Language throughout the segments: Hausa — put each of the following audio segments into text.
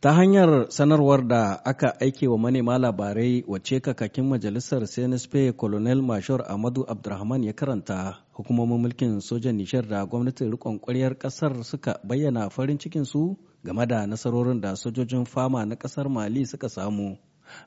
Ta hanyar sanarwar da aka aike wa manema labarai wacce kakakin majalisar CNSP Colonel Mashor Ahmadu Abdurrahman ya karanta hukumomin mulkin sojan Nishar da gwamnatin rikon kwaryar ƙasar suka bayyana farin cikin su game da nasarorin da sojojin fama na ƙasar Mali suka samu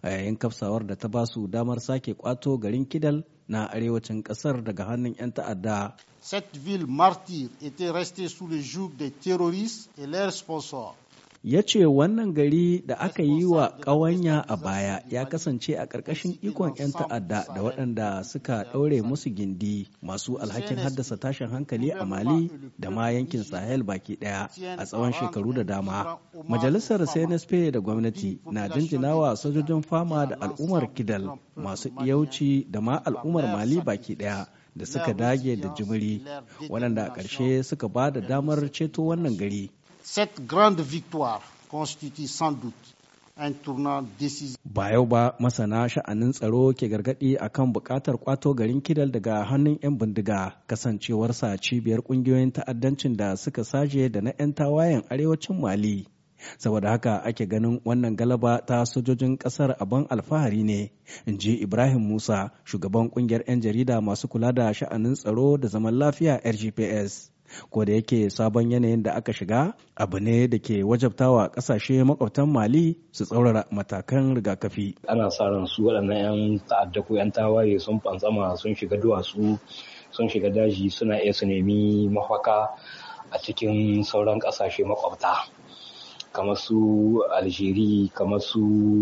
a yayin kafsawar da ta ba su damar sake kwato garin Kidal na arewacin ƙasar daga hannun 'yan ta'adda. Cette ville martyre était restée sous le joug des terroristes et leurs sponsors. ya ce wannan gari da aka yi wa ƙawanya a baya ya kasance a ƙarƙashin ikon 'yan ta'adda da waɗanda suka ɗaure musu gindi masu alhakin haddasa tashin hankali a mali da ma yankin sahel baki ɗaya a tsawon shekaru da dama majalisar cnsp da gwamnati na jinjinawa sojojin fama da al'ummar kidal masu yauci da ma al'ummar mali baki ɗaya da suka dage da jimiri waɗanda a ƙarshe suka ba da damar ceto wannan gari Cette grande victoire constitue sans doute un tournant décisif. Ba yau ba masana sha'anin tsaro ke gargaɗi a kan buƙatar kwato garin Kidal daga hannun 'yan bindiga kasancewarsa cibiyar ƙungiyoyin ta'addancin da suka saje da na 'yan tawayen arewacin Mali. saboda haka ake ganin wannan galaba ta sojojin kasar abin alfahari ne in ji ibrahim musa shugaban kungiyar 'yan jarida masu kula da sha'anin tsaro da zaman lafiya rgps ko da yake sabon yanayin da aka shiga abu ne da ke wajabtawa kasashe makwabtan mali su tsaurara matakan rigakafi ana sa ran su waɗannan 'yan ta'adda ko 'yan tawaye sun fantsama sun shiga duwatsu sun shiga daji suna iya su nemi mafaka a cikin sauran kasashe makwabta kamar su algeria kamar su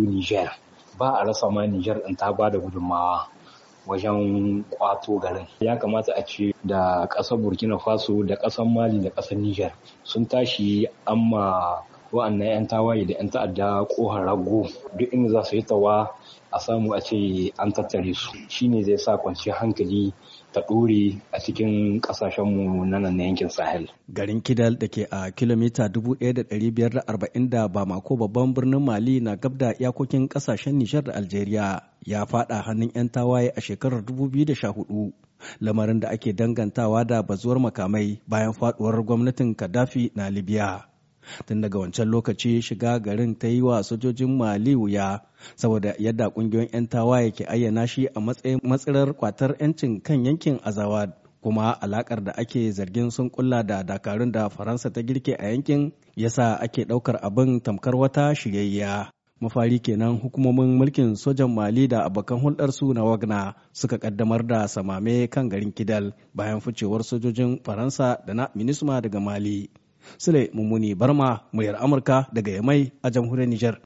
niger ba a rasa ma niger in ta ba da gudunmawa wajen kwato garin ya kamata a ce da ƙasar burkina faso da ƙasar mali da ƙasar niger sun tashi amma wa'annan 'yan tawaye da 'yan ta'adda kohar rago duk inda za su yi tawa a samu a ce an tattare su shine zai sa kwanciyar hankali ta ɗore a cikin ƙasashenmu na nan na yankin sahel garin kidal da ke a kilomita 1540 da bamako babban birnin mali na gab da iyakokin ƙasashen nijar da algeria ya fada hannun 'yan tawaye a shekarar 2014 lamarin da ake dangantawa da bazuwar makamai bayan faduwar gwamnatin kadafi na libya tun daga wancan lokaci shiga garin ta yi wa sojojin mali wuya saboda yadda kungiyoyin 'yan tawaye ke ayyana shi a matsayin matsirar kwatar 'yancin kan yankin azawa kuma alakar da ake zargin sun kulla da dakarun da faransa ta girke a yankin yasa ake daukar abin tamkar wata shiryayya mafari kenan hukumomin mulkin sojan mali da abokan hulɗarsu na wagna suka kaddamar da samame kan garin kidal bayan ficewar sojojin faransa da na minisma daga mali Sule Mummuni Barma, muyar Amurka daga Yamai a jamhuriyar Nijar.